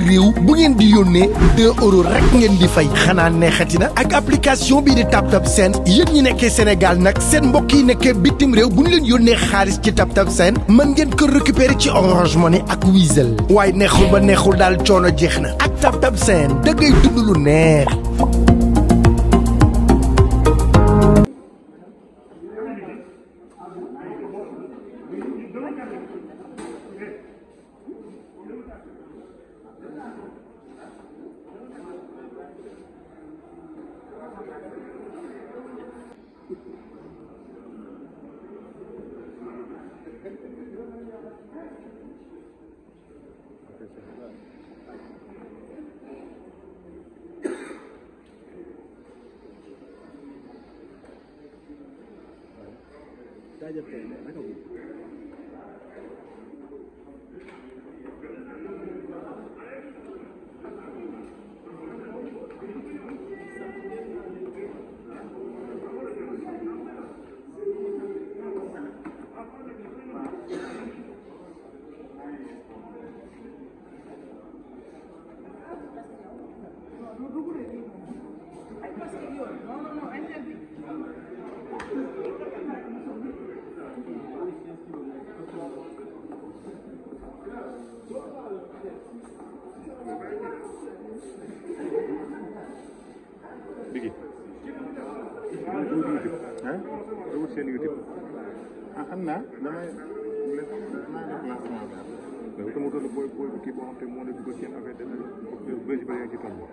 biir réew bu ngeen di yónnee 2 euros rek ngeen di fay xanaa neexati na ak application bii di tab TapTap Send yéen ñi nekkee senegal nag seen mbokk yi nekkee bitim réew bu ñu leen yónnee xaalis ci TapTap Send man ngeen kër récupérer ci Orange ni ak Wizall waaye neexul ba neexul daal coono jeex na ak TapTap Send da ngay dund lu neex. 大家可以来看我。Biggie. dugul seen YouTube ah xam naa damay damay def lancement bi ah. mais bu tawee booy booy kii boo xam te moo nekk seen affaire de bés bu bëri yaa ngi ci tombé.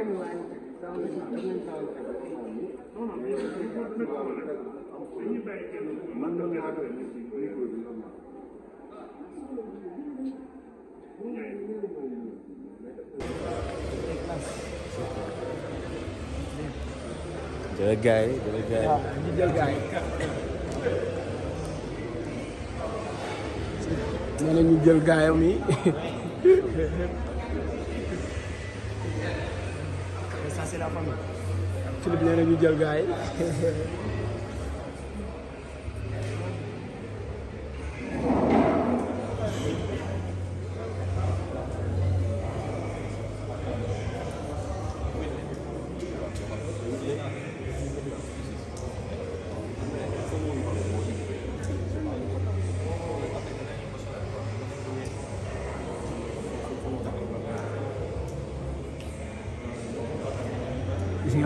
jël gaay jël gaay waaw ñu jël gaay nee na ñu jël gaayam yi c'est la famille. Philippe nee na ñu jël gars yi.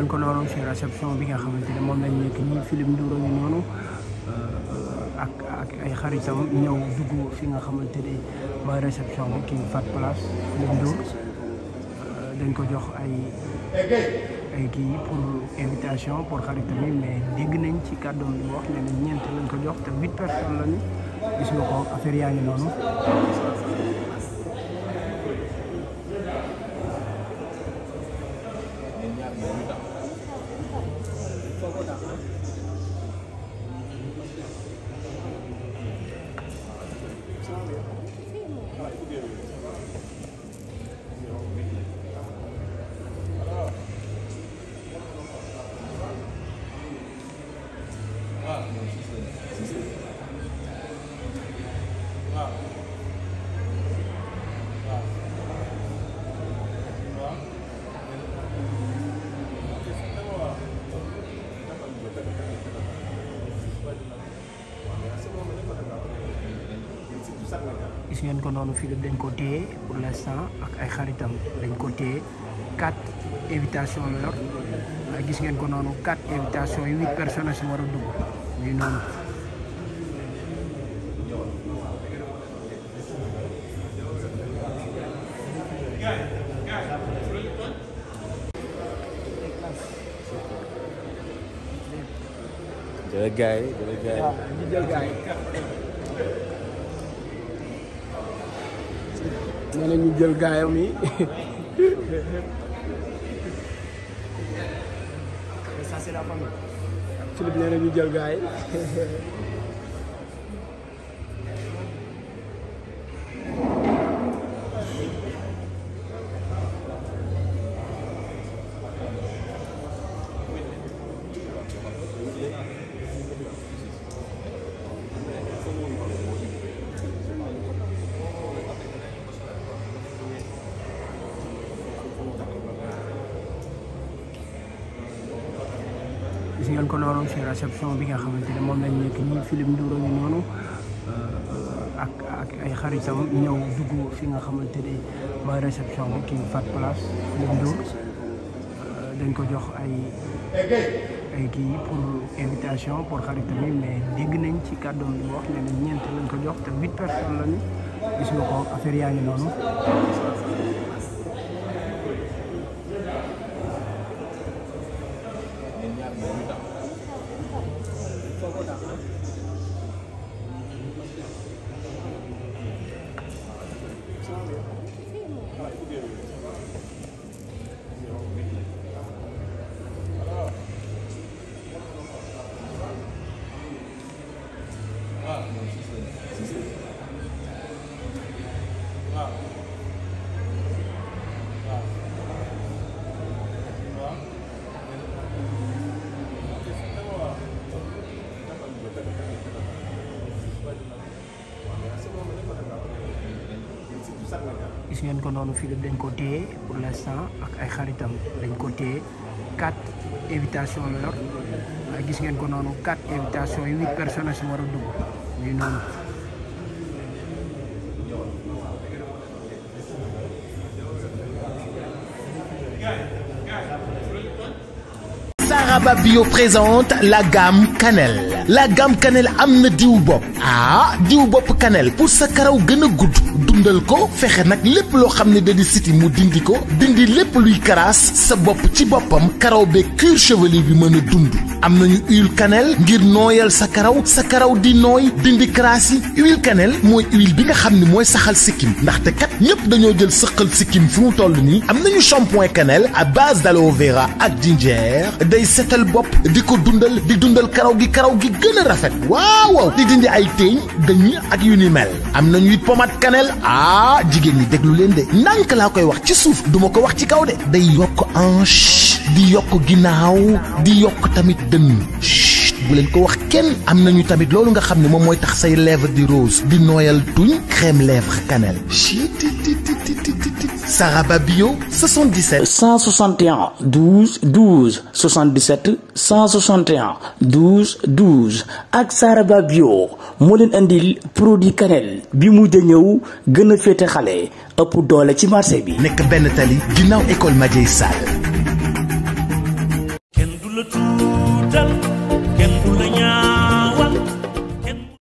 nañ ko bi nga xamante ne moom lañ nekk nii Philippe Ndour ngi noonu euh, ak ak ay xaritam ñëw dugg fi nga xamante ne mooy réception kii Fat Place dañ ko jox ay ay kii pour invitation pour xaritam yi mais dégg nañ ci kàddoom bi wax ne ñeent lañ ko jox te huit personnes lañu gis nga ko affaire noonu. gis ngeen ko noonu Philippe dañ ko téye pour l'instant ak ay xaritam dañ ko téye quatre invitation la yor gis ngeen ko noonu quatre invitation yi huit personnes si war dugg ñu noonu jël gaay jël gaay waaw ah, ñu jël gaay nee na ñu jël gaayam yi ça c'est la famille Philippe nee na ñu jël gars yi gis ngeen ko noonu ci réception bi nga xamante ne moom lañ nekk nii Philippe Ndour ngi noonu euh, ak ak ay xaritam ñëw dugg fi nga xamante ne mooy réception bi kii Fat Place Philippe Ndour euh, dañ ko jox ay ay kii pour invitation pour xaritam mais dégg nañ ci kàddoom bi mu wax ne ñeent ko jox te huit personnes lañu gis nga ko affaire noonu. ngeen ko noonu Philippe dañ ko téye ay xaritam dañ gis ngeen ko noonu quatre invitations yi présente la gamme Cannelle. la gamme cannelle am na diw bopp ah diw bopp cannelle pour sa karaw gën a gudd dundal ko fexe nag lépp loo xam ne da siti mu dindi ko dindi lépp luy karaas sa bopp ci boppam karaw be cuir chevelu bi mën a dund am nañu huile cannelle ngir nooyal sa karaw sa karaw di nooy dindi karaas yi huile cannelle mooy huile bi nga xam ne mooy saxal sikkim ndaxte kat ñépp dañoo jël sëqal sikkim fu mu toll nii am nañu shampoing cannelle à base d'aloe vera ak ginger day setal bopp di ko dundal di dundal karaw gi karaw gi gën rafet waaw waaw di dindi ay teeñ dañ ak yu ni mel am nañu it pommade cannelle ah, jigéen ñi déglu leen de ndànk laa koy wax ci suuf duma ko wax ci kaw de day yokk hanche di yokk ginnaaw di yokk tamit dënn bu leen ko wax kenn am nañu tamit loolu nga xam ne moom mooy tax say lèvre di rose di nooyal tuñ crème lèvre cannelle Saraba Bio 77. 161 12 12 77 161 12 12 ak Saraba Bio moo leen indi produit cannelle bi mujj ñëw gën a féete xale ëpp doole ci marché bi. nekk benn tali ginnaaw école Madiaye Sall.